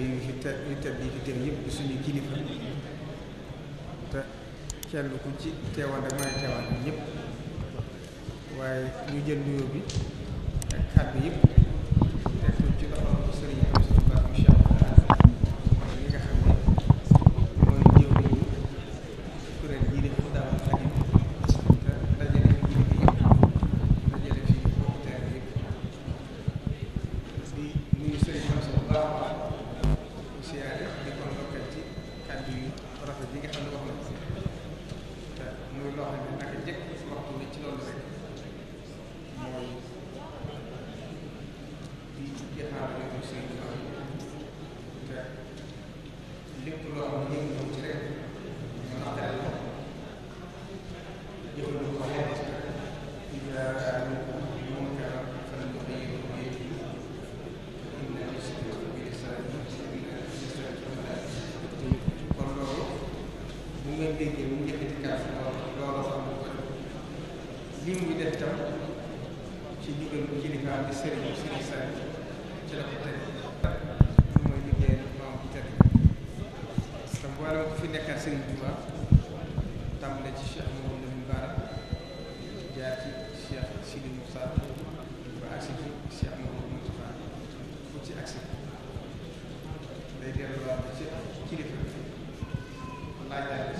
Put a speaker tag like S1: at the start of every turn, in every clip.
S1: kilifa fi te yu tedd yi fi teew yëpp di suñu kilifa te kenn ku ci teewal rek mën a teewal bi ñëpp waaye ñu jël nuyoo bi ak kàddu yëpp teg ko ci loxo loolu rek mooy di
S2: jaxaar yoonu seen baax
S1: te lépp loo xam ne ñu ci rek ñu naqare ko
S2: jëfandu ko leen
S1: ci jaar ngeen déggee mu ngi li muy def tam ci digal bu kilifaam di sëriñ sëriñ sa ci la ko teg mooy liggéey maam bi teg te mboolem ku fi nekkal sëriñ Tuuba tàmbale ci Cheikh Mouhamadou jaar ci Cheikh Sidi Moussa ba agsi ci Cheikh Mouhamadou Moustapha fu ci agsi day delluwaat ci kilifa laaj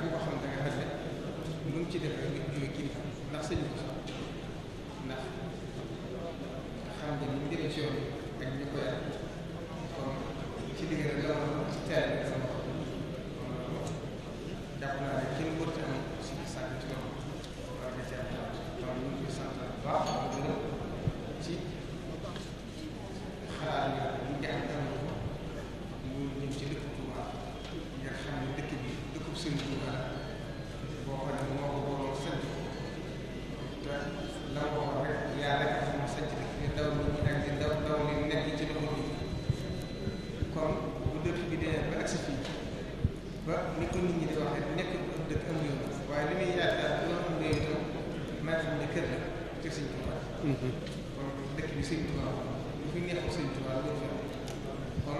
S1: bi nga xam ne da nga xam ne lu mu ci defee ñooy kilifa ndax sëñ bi ndax xam ne ñu demee ci yoon ak ñu ko yàq kon ci diggante la woon teel ba ni ko nit ñi di waxee nekk dëkk am réew waaye li muy yaakaar loo am réew itam xam ne kër la ci sëñ Tuubaa mhm. kon dëkk bi sëñ Tuubaa lu fi fi kon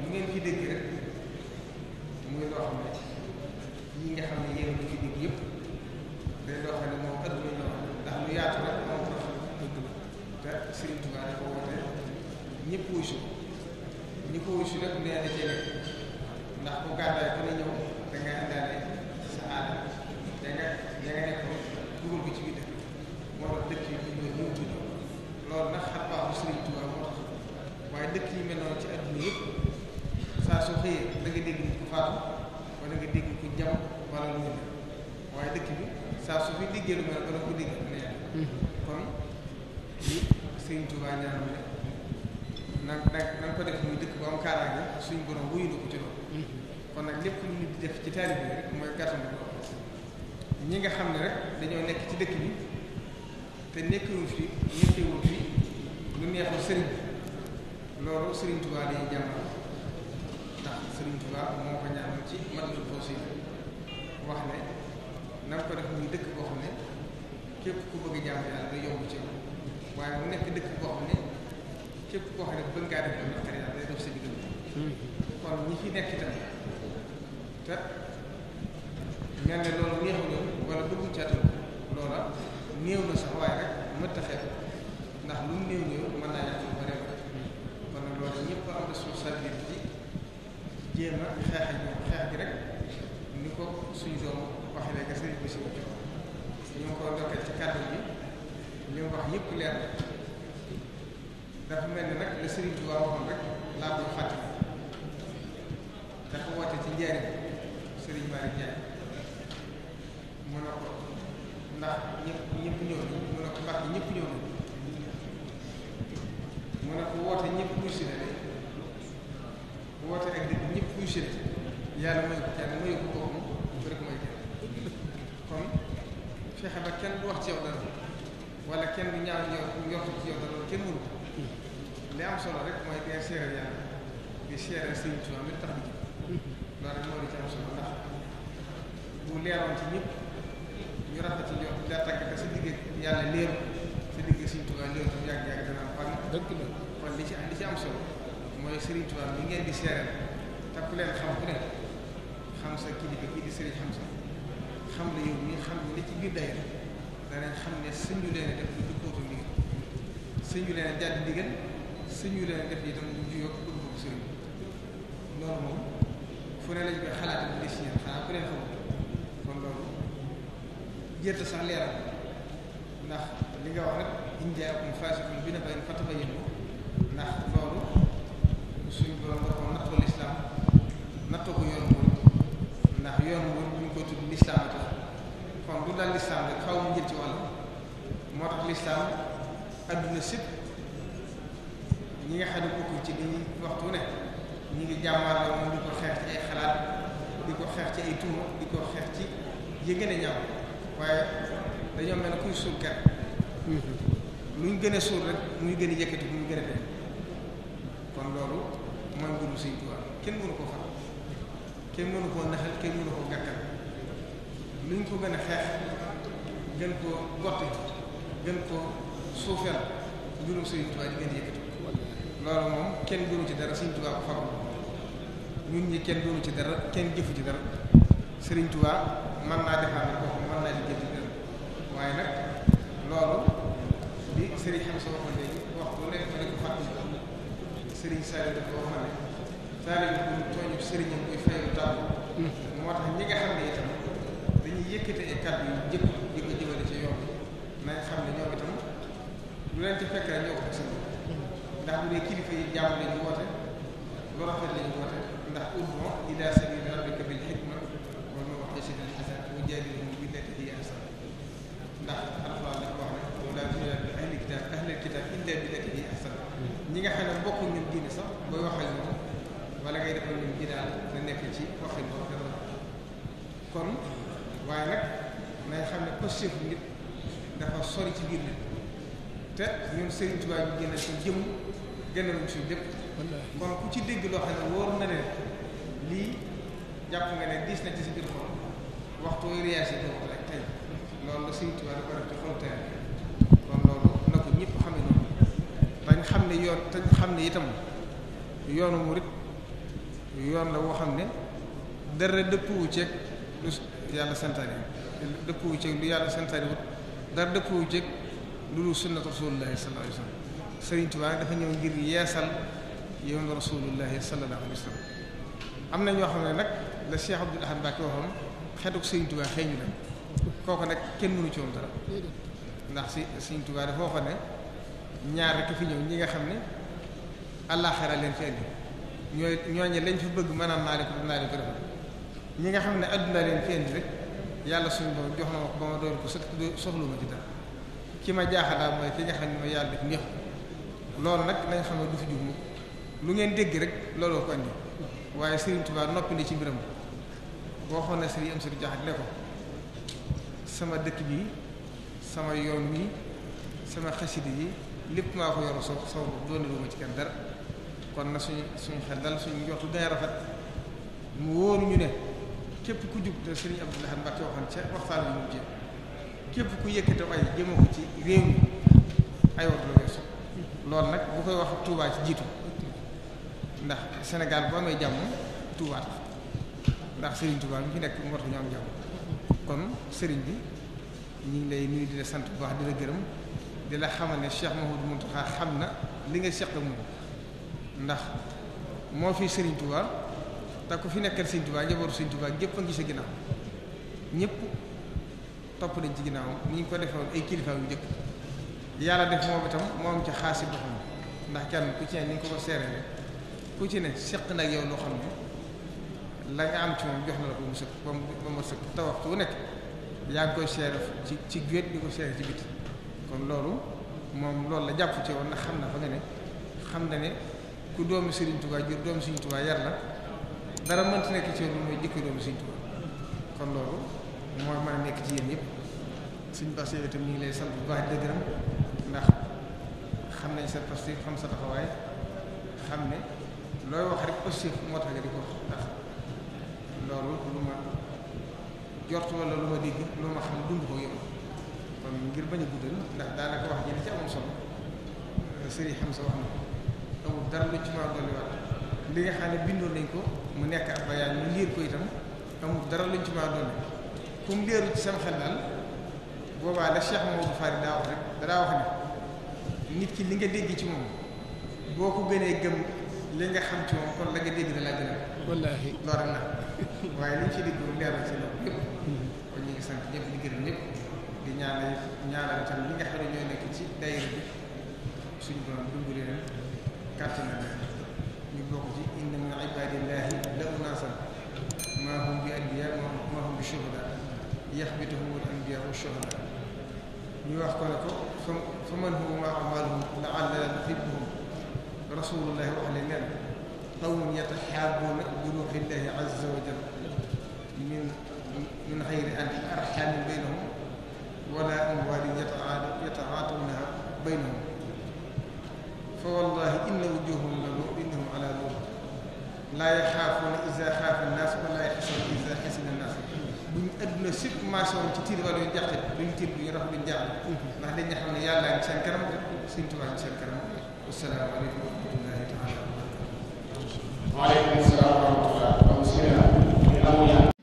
S1: mu rek muy loo xam ne yi nga xam ne yéen ñu fi dégg yëpp day loo xam ne moom adduna ñoo xam ndax lu yaatu rek moom tax dëgg la te sëñ Tuubaa dafa woote ñëpp wuyu si ñi ko wuyu si nag nee ndax ko gàddaay ku ne ñëw da ngay àndaale sa aada da nga da nga ko ci biir dëkk moo dëkk yi moo tax waaye dëkk mel noonu ci adduna yëpp saa soo xëyee da dégg ku faatu wala nga dégg ku jam wala lu mu waaye dëkk bi saa su fi déggee lu mel wala ku dégg ne kon li Sëriñ Tuubaa ñaanam ne nag nag na nga ko def muy dëkk bu am kaaraange suñ borom wuyu na ko ci loolu kon nag lépp lu nit di def ci taalibe bi rek mooy gàttandu ko ñi nga xam ne rek dañoo nekk ci dëkk bi te nekkiwul fi nekkiwul fi lu neexul sëriñ loolu sëriñ Tuubaa day jàmmal ndax sëriñ Tuubaa moo ko ñaanal ci Matlabul Fawzayni wax ne na ko def muy dëkk boo xam ne képp ku bëgg jàmm nekk dëkk boo xam ne képp koo xam bëgg ngaa def ba naqari yàlla day dox sa kon ñi fi nekk itam te mel ne loolu neexu ñoom wala bëgguñ caatal loola néew na sax waaye rek mënta xeet ndax lu mu néew néew mën naa yàq lu bare bare kon ci jéem a xeex ak ñoom ko suñu doom waxee léegi bi ñu ngi ko ci kàddu bi li mu wax yëpp leer dafa mel ni nag la sëriñ bi waxoon rek laa koy fàttali dafa woote ci njariñ Serigne Malick Ndiaye mu ne ko ndax ñëpp ñëpp ko ndax ñëpp ñëw na mu ne ko woote ñëpp wuyu na de woote ak dëgg ñëpp wuyu na yàlla mooy ko kenn mooy ko kooku rek mooy kenn kon fexe ba kenn bu wax ci yow dara wala kenn du ñaaw ñëw njort ci yow dara kenn mënu li am solo rek mooy ngay seeral yàlla di seeral Serigne Touba mi tax loolu rek moo di ci am solo ndax bu leeroon ci ñëpp ñu rafet ci ñoom da tàgg te sa digg yàlla leer sa digg Sëriñ Tuubaa leer tam yàgg yàgg dana am fan dëgg la kon li ci li ci am solo mooy Sëriñ Tuubaa mi ngeen di seeral te ku leen xam ku ne xam sa kilifa kii di Sëriñ xam sa xam la yow mi xam li ci biir day danañ xam ne sëñu leen def lu dëppootu ndigal sëñu leen jàdd ndigal sëñu leen def yi tam ñu ko bëgg sëriñ loolu moom fu ne lañ koy xalaat di si ñëw xanaa ku ne xamul kon loolu jërta sax leeral ndax li nga wax rek in jaakum faasiqun bi naba'in fatabayyanu ndax loolu suñu borom da ko nattoo lislaam nattoo ko yoon wul ndax yoon wul bu ñu koy tudd lislaam a tax kon du daal lislaam rek xaw mu jël ci wàll moo tax lislaam adduna sépp ñi nga xam ne bokkul ci li waxtu ne ñu ngi jàmmaarloo moom di ko xeex ci ay xalaat di ko xeex ci ay tuuma di ko xeex ci yi gën a ñaaw waaye dañoo mel ne kuy suul ker lu ñu gën a suuf rek muy gën a yëkkati muy gën a def kon loolu mooy mbiru Sëñ ko xam kenn mënu koo naxal kenn mënu koo ko gën a xeex gën koo gotti gën koo suufeel mbiru Sëñ Tuubaa di gën a yëkkati loolu moom kenn gënu ci dara Sëñ Tuubaa ko fagul ñun ñi kenn doonu ci dara kenn jëfu ci dara Serigne Touba mën naa defar na ko mën naa liggéey ci waaye nag loolu li Serigne xam sama waxoon léegi wax bu nekk ma ne ko fàttali ne Saliou bu ñu tooñu Serigne moo tax ñi nga xam ne itam dañuy yëkkate ay kat yu jëpp di ko jëmale ci yoon xam ne ñoom itam lu leen fekk rek ñoo ko seen ndax lu rafet lañu woote ndax ud'u ila sabili rabbika bil hikma wal maw'izati al hasana wa jadilhum billati ndax alxuraan dafa wax ne wa laa tujaadil ahlal kitaab ahlal kitaab illaa billatii hiya ahsan ñi nga xam ne bokk ñun diine sax booy wax ak ñoom wala ngay defal ñun ji daal na nekk ci waxin boo xam kon waaye nag nañ xam ne positif nit dafa sori ci biir nit te ñun Serigne Touba ñu génne suñ jëm gënaluñ suñ lépp kon ku ci dégg loo xam ne wóor na leen lii jàpp nga ne diis na ci si biir xol waxtu wi réagir rek tey loolu la Sëriñ Tuubaa dafa def ci xol xam ne xam ne itam yoonu yoon la woo xam ne dara dëppwu ceeg lu yàlla santaane dëppwu lu yàlla santaane wut dara dëppwu ceeg lu dul sunnatu Rasulullaahi sallallaahu alayhi wa sallam dafa ñëw ngir yeesal yoonu rasulullahi sallallahu alayhi wa sallam am na ñoo xam ne nag la Cheikh Abdoul Ahad Mbacké waxoon xetuk Sëriñ Tuubaa xëy ñu la nag kenn mënu ci woon dara ndax si Sëriñ Tuubaa dafa waxoon ne ñaar rek fi ñëw ñi nga xam ne àllaaxira leen fi indi ñooy lañ fa bëgg maanaam naa leen ko naa leen ñi nga xam ne àdduna leen fi indi rek yàlla suñ borom jox na wax ba ma doon ko soxlu ma ci dara ki ma jaaxal daal mooy ki nga xam ne mooy yàlla def neexu loolu nag nañ xam ne du fi jug lu ngeen dégg rek looloo ko andi waaye Serigne Touba noppi ni ci mbiram boo xam ne Serigne Amsatou Diakhaté ne ko sama dëkk bi sama yoon wi sama xasida yi lépp maa ko yoru soo sama bopp doon ma ci kenn dara kon na suñu suñu xel dal suñu njortu gën rafet mu wóoru ñu ne képp ku jub te Serigne Abdou Lahad Mbacké waxoon ca waxtaan bi mu jéem képp ku yëkkate ay jëma ko ci réew mi ay wax la nag bu koy wax tuubaa ci jiitu ndax Sénégal bu amee jàmm Touba tax ndax Serigne Touba mi fi nekk mu war ko ñu am jàmm kon Serigne bi ñu ngi lay nuyu di sant bu baax di la gërëm dina la xamal ne Cheikh Mouhamadou Mountakha xam na li nga seq moom ndax moo fi sëriñ Touba te ku fi nekkal Serigne Touba njabootu Serigne Touba ñëpp a ngi ginnaaw ñëpp topp nañ ci ginnaaw ni ngi ko defewoon ay kilifa yu yàlla def moom itam moo am ca xaasi boppam ndax kenn ku ci ne ni ñu ko ko seeree ku ci ne seq nag yow loo xam ne la nga am ci moom jox na la ko mu sëkk ba mu ba mu sëkk te waxtu wu nekk yaa ngi koy seere ci ci géej di ko seere ci biti kon loolu moom loolu la jàpp ci woon na xam na fa nga ne xam na ne ku doomu Serigne Touba jur doomu yar la dara mënti ci yow mooy jikko doomu Serigne Touba kon loolu mooy mën a nekk ci yéen yëpp suñ passé itam ñu ngi lay sant bu baax di gërëm ndax xam nañ sa pasté xam sa taxawaay xam ne. looy wax rek aussi moo tax ko loolu lu ma jort wala lu ma ngir bañ a guddal ndax daanaka wax ji li ci amoon solo Serigne Hamza wax na ko amul dara mu nekk ab ci ma dolli ci sama xel daal boobaa la Cheikh wax rek daa wax ne nit ki li nga dégg ci moom boo ko gënee gëm li nga xam ci moom la nga dégg ne laa gën a. wallaahi loolu na waaye liñ ci dégg moom leer na ci loolu yëpp. kon ñu ngi sant ñëpp di bi suñu borom dimbali ñu bokk ci inna min ibadillaahi la unaasan maa hum bi anbiya maa hum bi shuhada yaxbituhum al anbiya wa shuhada ñu wax ko ne ko fa man huwa maa amaluhum la rasulullahi wax leen nee na qawmun yataxaabuuna bi ruuxillahi azza wa jal min min xayri an arxaamin baynahum wala amwaalin yataatawnaha baynahum fa wallahi inna wujuuhahum la muminahum ala nuur laa yaxaafuuna iza xaafa annaas wala yaxsanuuna iza xasina annaas bu ñu adduna sépp maasoon ci tiir wala yu jàqit duñ tiir bu ñu raf duñ jaaxle ndax dañ xam ne yàlla ngi seen kanam Sëñ Tuubaa ngi seen kanam asalaamaaleykum wa rahmatullahi taala. waaleykum salaam wa rahmatulah.